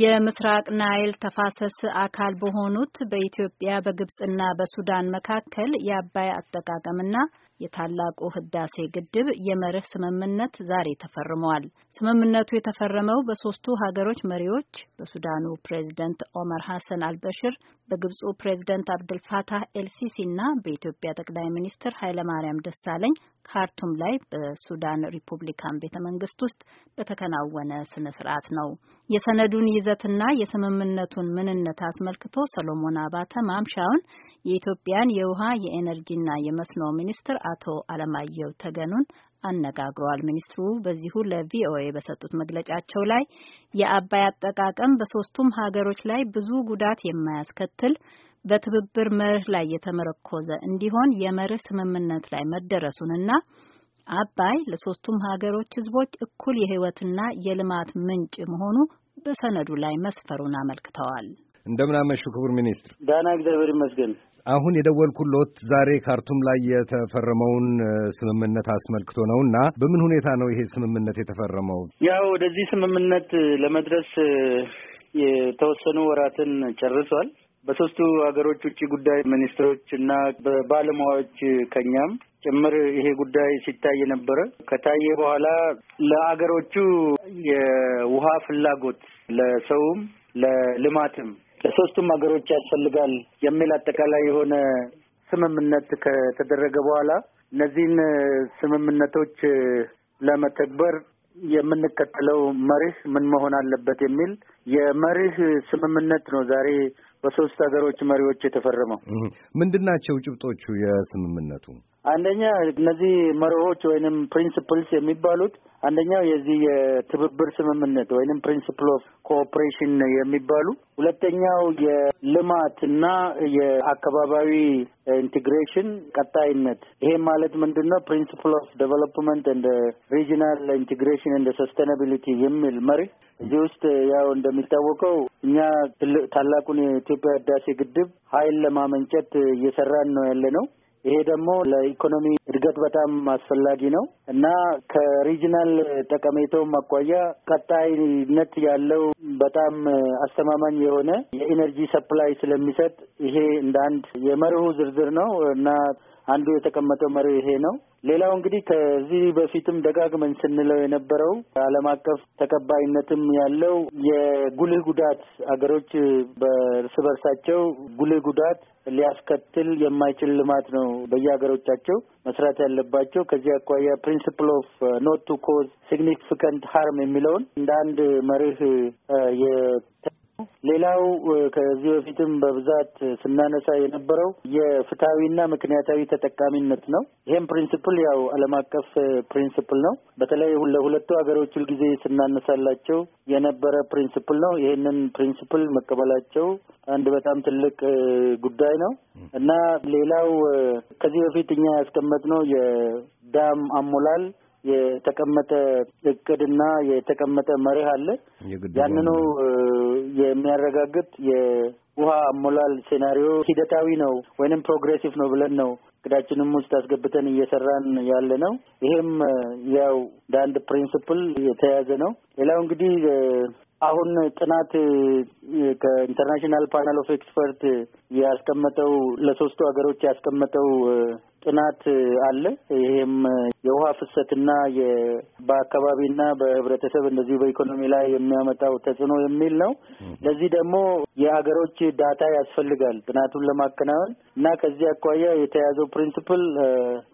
የምስራቅ ናይል ተፋሰስ አካል በሆኑት በኢትዮጵያ በግብጽና በሱዳን መካከል የአባይ አጠቃቀምና የታላቁ ህዳሴ ግድብ የመርህ ስምምነት ዛሬ ተፈርመዋል። ስምምነቱ የተፈረመው በሶስቱ ሀገሮች መሪዎች በሱዳኑ ፕሬዝደንት ኦመር ሀሰን አልበሽር፣ በግብፁ ፕሬዝደንት አብድልፋታህ ኤልሲሲ እና በኢትዮጵያ ጠቅላይ ሚኒስትር ኃይለማርያም ደሳለኝ ካርቱም ላይ በሱዳን ሪፑብሊካን ቤተ መንግስት ውስጥ በተከናወነ ስነ ስርዓት ነው። የሰነዱን ይዘትና የስምምነቱን ምንነት አስመልክቶ ሰሎሞን አባተ ማምሻውን የኢትዮጵያን የውሃ የኤነርጂና የመስኖ ሚኒስትር አቶ አለማየሁ ተገኑን አነጋግሯል። ሚኒስትሩ በዚሁ ለቪኦኤ በሰጡት መግለጫቸው ላይ የአባይ አጠቃቀም በሶስቱም ሀገሮች ላይ ብዙ ጉዳት የማያስከትል በትብብር መርህ ላይ የተመረኮዘ እንዲሆን የመርህ ስምምነት ላይ መደረሱንና አባይ ለሶስቱም ሀገሮች ህዝቦች እኩል የህይወትና የልማት ምንጭ መሆኑ በሰነዱ ላይ መስፈሩን አመልክተዋል። እንደምናመሹ ክቡር ሚኒስትር። ደህና እግዚአብሔር ይመስገን። አሁን የደወልኩሎት ዛሬ ካርቱም ላይ የተፈረመውን ስምምነት አስመልክቶ ነው እና በምን ሁኔታ ነው ይሄ ስምምነት የተፈረመው? ያው ወደዚህ ስምምነት ለመድረስ የተወሰኑ ወራትን ጨርሷል። በሶስቱ ሀገሮች ውጭ ጉዳይ ሚኒስትሮች እና በባለሙያዎች ከኛም ጭምር ይሄ ጉዳይ ሲታይ ነበረ። ከታየ በኋላ ለአገሮቹ የውሃ ፍላጎት ለሰውም ለልማትም ለሶስቱም ሀገሮች ያስፈልጋል የሚል አጠቃላይ የሆነ ስምምነት ከተደረገ በኋላ እነዚህን ስምምነቶች ለመተግበር የምንከተለው መርህ ምን መሆን አለበት የሚል የመርህ ስምምነት ነው ዛሬ በሶስት ሀገሮች መሪዎች የተፈረመው። ምንድን ናቸው ጭብጦቹ የስምምነቱ? አንደኛ እነዚህ መርሆች ወይንም ፕሪንስፕልስ የሚባሉት አንደኛው የዚህ የትብብር ስምምነት ወይንም ፕሪንስፕል ኦፍ ኮኦፕሬሽን የሚባሉ ሁለተኛው የልማትና የአካባቢያዊ ኢንቴግሬሽን ቀጣይነት። ይሄ ማለት ምንድን ነው? ፕሪንስፕል ኦፍ ዴቨሎፕመንት እንደ ሪጂናል ኢንቴግሬሽን እንደ ሰስቴናቢሊቲ የሚል መሪ እዚህ ውስጥ ያው እንደሚታወቀው እኛ ትልቅ ታላቁን የኢትዮጵያ ህዳሴ ግድብ ኃይል ለማመንጨት እየሰራን ነው ያለ ነው። ይሄ ደግሞ ለኢኮኖሚ እድገት በጣም አስፈላጊ ነው እና ከሪጅናል ጠቀሜታውም አኳያ ቀጣይነት ያለው በጣም አስተማማኝ የሆነ የኢነርጂ ሰፕላይ ስለሚሰጥ ይሄ እንደ አንድ የመርሁ ዝርዝር ነው እና አንዱ የተቀመጠው መሪ ይሄ ነው። ሌላው እንግዲህ ከዚህ በፊትም ደጋግመን ስንለው የነበረው ዓለም አቀፍ ተቀባይነትም ያለው የጉልህ ጉዳት አገሮች በእርስ በርሳቸው ጉልህ ጉዳት ሊያስከትል የማይችል ልማት ነው በየሀገሮቻቸው መስራት ያለባቸው። ከዚህ አኳያ ፕሪንስፕል ኦፍ ኖት ቱ ኮዝ ሲግኒፊካንት ሀርም የሚለውን እንደ አንድ መርህ ሌላው ከዚህ በፊትም በብዛት ስናነሳ የነበረው የፍትሐዊና ምክንያታዊ ተጠቃሚነት ነው። ይህም ፕሪንስፕል ያው ዓለም አቀፍ ፕሪንስፕል ነው። በተለይ ለሁለቱ ሀገሮች ሁልጊዜ ስናነሳላቸው የነበረ ፕሪንስፕል ነው። ይህንን ፕሪንስፕል መቀበላቸው አንድ በጣም ትልቅ ጉዳይ ነው እና ሌላው ከዚህ በፊት እኛ ያስቀመጥነው የዳም አሞላል የተቀመጠ እቅድና የተቀመጠ መርህ አለ ያንኑ የሚያረጋግጥ የውሃ አሞላል ሴናሪዮ ሂደታዊ ነው ወይንም ፕሮግሬሲቭ ነው ብለን ነው እቅዳችንም ውስጥ አስገብተን እየሰራን ያለ ነው። ይሄም ያው እንደ አንድ ፕሪንስፕል የተያዘ ነው። ሌላው እንግዲህ አሁን ጥናት ከኢንተርናሽናል ፓናል ኦፍ ኤክስፐርት ያስቀመጠው ለሶስቱ ሀገሮች ያስቀመጠው ጥናት አለ። ይህም የውሃ ፍሰትና በአካባቢና በህብረተሰብ እንደዚሁ በኢኮኖሚ ላይ የሚያመጣው ተጽዕኖ የሚል ነው። ለዚህ ደግሞ የሀገሮች ዳታ ያስፈልጋል ጥናቱን ለማከናወን እና ከዚህ አኳያ የተያዘው ፕሪንሲፕል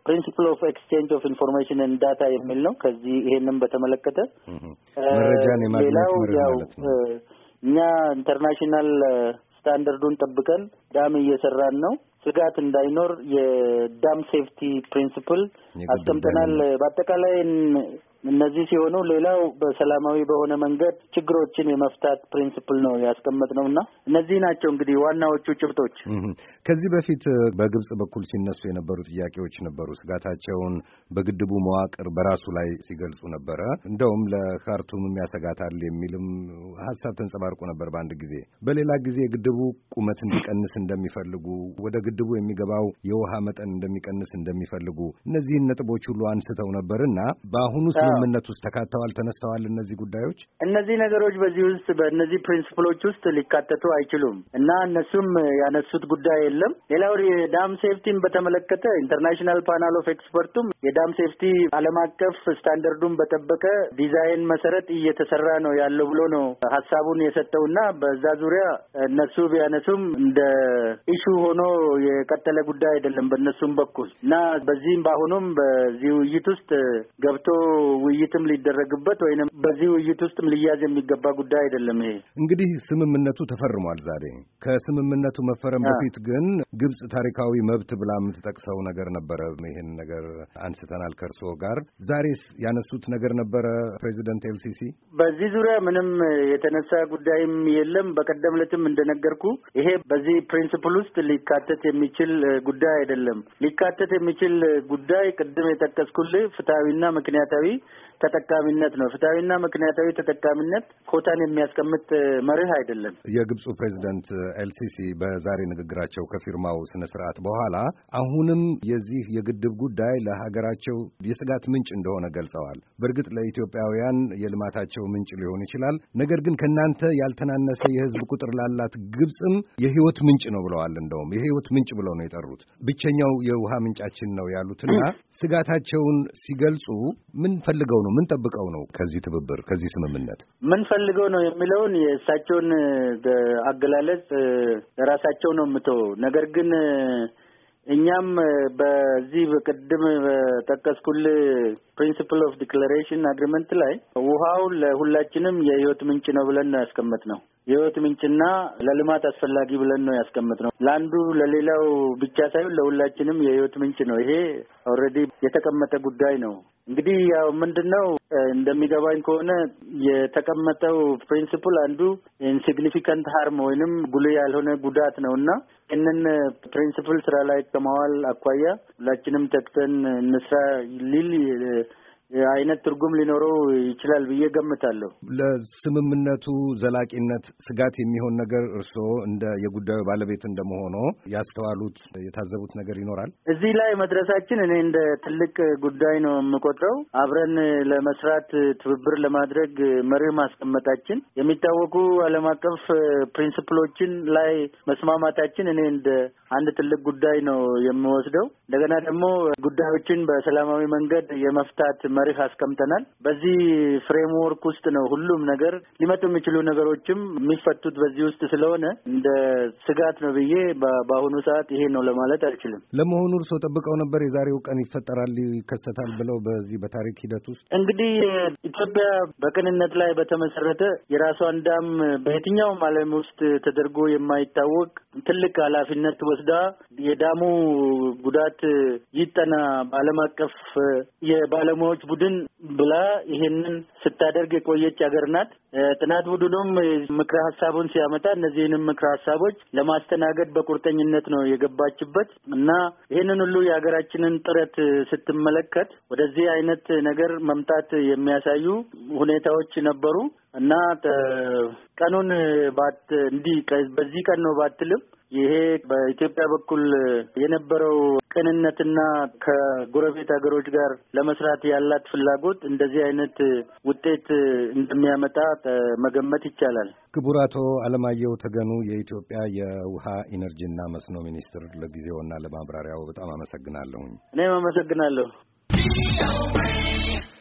ፕሪንሲፕል ኦፍ ኤክስቼንጅ ኦፍ ኢንፎርሜሽን ኤንድ ዳታ የሚል ነው። ከዚህ ይሄንም በተመለከተ ሌላው ያው እኛ ኢንተርናሽናል ስታንዳርዱን ጠብቀን ዳም እየሰራን ነው። ስጋት እንዳይኖር የዳም ሴፍቲ ፕሪንሲፕል አስቀምጠናል። በአጠቃላይ እነዚህ ሲሆኑ ሌላው በሰላማዊ በሆነ መንገድ ችግሮችን የመፍታት ፕሪንስፕል ነው ያስቀመጥ ነው እና እነዚህ ናቸው እንግዲህ ዋናዎቹ ጭብጦች። ከዚህ በፊት በግብጽ በኩል ሲነሱ የነበሩ ጥያቄዎች ነበሩ። ስጋታቸውን በግድቡ መዋቅር በራሱ ላይ ሲገልጹ ነበረ። እንደውም ለካርቱም ያሰጋታል የሚልም ሀሳብ ተንጸባርቆ ነበር በአንድ ጊዜ። በሌላ ጊዜ ግድቡ ቁመት እንዲቀንስ እንደሚፈልጉ፣ ወደ ግድቡ የሚገባው የውሃ መጠን እንደሚቀንስ እንደሚፈልጉ እነዚህን ነጥቦች ሁሉ አንስተው ነበር እና በአሁኑ ስምምነት ውስጥ ተካተዋል፣ ተነስተዋል። እነዚህ ጉዳዮች እነዚህ ነገሮች በዚህ ውስጥ በእነዚህ ፕሪንስፕሎች ውስጥ ሊካተቱ አይችሉም እና እነሱም ያነሱት ጉዳይ የለም። ሌላው የዳም ሴፍቲን በተመለከተ ኢንተርናሽናል ፓናል ኦፍ ኤክስፐርቱም የዳም ሴፍቲ ዓለም አቀፍ ስታንደርዱን በጠበቀ ዲዛይን መሰረት እየተሰራ ነው ያለው ብሎ ነው ሀሳቡን የሰጠውና በዛ ዙሪያ እነሱ ቢያነሱም እንደ ኢሹ ሆኖ የቀጠለ ጉዳይ አይደለም በእነሱም በኩል እና በዚህም በአሁኑም በዚህ ውይይት ውስጥ ገብቶ ውይይትም ሊደረግበት ወይም በዚህ ውይይት ውስጥም ሊያዝ የሚገባ ጉዳይ አይደለም። ይሄ እንግዲህ ስምምነቱ ተፈርሟል ዛሬ። ከስምምነቱ መፈረም በፊት ግን ግብጽ ታሪካዊ መብት ብላ የምትጠቅሰው ነገር ነበረ። ይህን ነገር አንስተናል ከእርስዎ ጋር። ዛሬስ ያነሱት ነገር ነበረ ፕሬዚደንት ኤልሲሲ? በዚህ ዙሪያ ምንም የተነሳ ጉዳይም የለም። በቀደም ዕለትም እንደነገርኩ ይሄ በዚህ ፕሪንስፕል ውስጥ ሊካተት የሚችል ጉዳይ አይደለም። ሊካተት የሚችል ጉዳይ ቅድም የጠቀስኩልህ ፍትሐዊና ምክንያታዊ ተጠቃሚነት ነው። ፍትሐዊና ምክንያታዊ ተጠቃሚነት ኮታን የሚያስቀምጥ መርህ አይደለም። የግብፁ ፕሬዚደንት ኤልሲሲ በዛሬ ንግግራቸው ከፊርማ ከአበባው ስነ ስርዓት በኋላ አሁንም የዚህ የግድብ ጉዳይ ለሀገራቸው የስጋት ምንጭ እንደሆነ ገልጸዋል። በእርግጥ ለኢትዮጵያውያን የልማታቸው ምንጭ ሊሆን ይችላል። ነገር ግን ከእናንተ ያልተናነሰ የህዝብ ቁጥር ላላት ግብፅም የህይወት ምንጭ ነው ብለዋል። እንደውም የህይወት ምንጭ ብለው ነው የጠሩት። ብቸኛው የውሃ ምንጫችን ነው ያሉትና ስጋታቸውን ሲገልጹ ምን ፈልገው ነው? ምን ጠብቀው ነው ከዚህ ትብብር ከዚህ ስምምነት ምን ፈልገው ነው የሚለውን የእሳቸውን አገላለጽ ራሳቸው ነው የምተው ነገር ግን እኛም በዚህ በቅድም በጠቀስኩል ፕሪንስፕል ኦፍ ዲክላሬሽን አግሪመንት ላይ ውሃው ለሁላችንም የህይወት ምንጭ ነው ብለን ነው ነው። የህይወት ምንጭና ለልማት አስፈላጊ ብለን ነው ነው። ለአንዱ ለሌላው ብቻ ሳይሆን ለሁላችንም የህይወት ምንጭ ነው። ይሄ ኦልሬዲ የተቀመጠ ጉዳይ ነው። እንግዲህ ያው ምንድን ነው እንደሚገባኝ ከሆነ የተቀመጠው ፕሪንስፕል አንዱ ኢንሲግኒፊካንት ሀርም ወይንም ጉልህ ያልሆነ ጉዳት ነው እና ይህንን ፕሪንስፕል ስራ ላይ ከማዋል አኳያ ሁላችንም ተግተን እንስራ ሊል አይነት ትርጉም ሊኖረው ይችላል ብዬ ገምታለሁ። ለስምምነቱ ዘላቂነት ስጋት የሚሆን ነገር እርስዎ እንደ የጉዳዩ ባለቤት እንደመሆኖ ያስተዋሉት የታዘቡት ነገር ይኖራል? እዚህ ላይ መድረሳችን እኔ እንደ ትልቅ ጉዳይ ነው የምቆጥረው። አብረን ለመስራት ትብብር ለማድረግ መርህ ማስቀመጣችን፣ የሚታወቁ ዓለም አቀፍ ፕሪንስፕሎችን ላይ መስማማታችን እኔ እንደ አንድ ትልቅ ጉዳይ ነው የምወስደው። እንደገና ደግሞ ጉዳዮችን በሰላማዊ መንገድ የመፍታት መርህ አስቀምጠናል። በዚህ ፍሬምወርክ ውስጥ ነው ሁሉም ነገር ሊመጡ የሚችሉ ነገሮችም የሚፈቱት በዚህ ውስጥ ስለሆነ እንደ ስጋት ነው ብዬ በአሁኑ ሰዓት ይሄ ነው ለማለት አልችልም። ለመሆኑ እርስዎ ጠብቀው ነበር የዛሬው ቀን ይፈጠራል ይከሰታል ብለው? በዚህ በታሪክ ሂደት ውስጥ እንግዲህ ኢትዮጵያ በቅንነት ላይ በተመሰረተ የራሷን ዳም በየትኛውም ዓለም ውስጥ ተደርጎ የማይታወቅ ትልቅ ኃላፊነት ወስዳ የዳሙ ጉዳት ይጠና በዓለም አቀፍ የባለሙያዎች ቡድን ብላ ይሄንን ስታደርግ የቆየች ሀገር ናት። ጥናት ቡድኑም ምክረ ሀሳቡን ሲያመጣ እነዚህንም ምክረ ሀሳቦች ለማስተናገድ በቁርጠኝነት ነው የገባችበት እና ይህንን ሁሉ የሀገራችንን ጥረት ስትመለከት ወደዚህ አይነት ነገር መምጣት የሚያሳዩ ሁኔታዎች ነበሩ እና ቀኑን ባት እንዲህ በዚህ ቀን ነው ባትልም ይሄ በኢትዮጵያ በኩል የነበረው ቅንነትና ከጎረቤት ሀገሮች ጋር ለመስራት ያላት ፍላጎት እንደዚህ አይነት ውጤት እንደሚያመጣ መገመት ይቻላል። ክቡር አቶ አለማየሁ ተገኑ የኢትዮጵያ የውሃ ኢነርጂና መስኖ ሚኒስትር፣ ለጊዜውና ለማብራሪያው በጣም አመሰግናለሁኝ። እኔም አመሰግናለሁ።